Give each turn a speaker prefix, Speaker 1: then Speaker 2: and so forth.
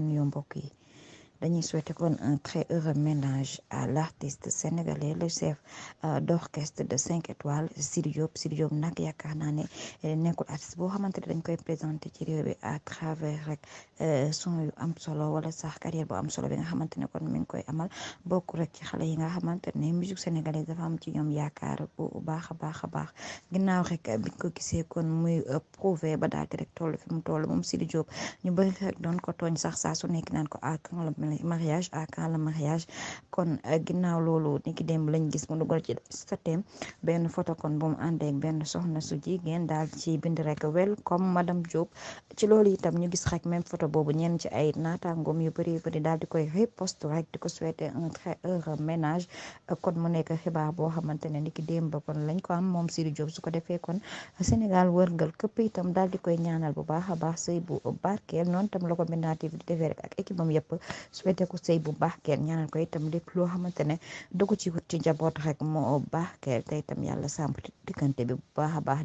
Speaker 1: yn i o n b o g i dañuy souhaiter kon un très heureux ménage à l'artiste sénégalais le chef euh, d'orchestre de 5 étoiles Sidy Diop nak Diop nag yaakaar naa eh, artiste bo xamanteni dañ koy présenter ci réew bi à travers rek euh, son yu am solo wala sax carrière bu am solo bi nga xamanteni kon mi ngi koy amal bokk rek ci xalé yi nga xamanteni musique sénégalaise dafa am ci ñom yaakaar bu baax a baax a baax rek eh, bi ko gisee kon muy euh, prouver ba daal rek tollu fi mu toll moom Sidy ñu bari rek don ko togn sax saa su nekk nan ko ak ah, mariage à le mariage kon euh, ginnaaw loolu niki démb lañ gis mu dugal ci statem photo kon bu mu àndeeg benn soxna su jigéen daal ci bind rek welcome madame job ci loolu itam ñu gis rek même photo boobu ñenn ci ay naataangoom yu bëri bëri daal di koy riposte rek di ko souhaiter un très heureux ménage euh, kon mu nekk xibaar boo xamante ne niki démb kon lañ ko am moom Sidi Diop su ko defee kon senegal wërngal këpp itam dal di koy ñaanal bu baax baax sëy bu tam la ko di defee rek ak équipe souhaité ko bu baax kër ñaanal ko itam lépp loo xamante ne dogu ci wut ci njaboot rek moo baax kër te itam yàlla sàmm diggante bi bu baax a baax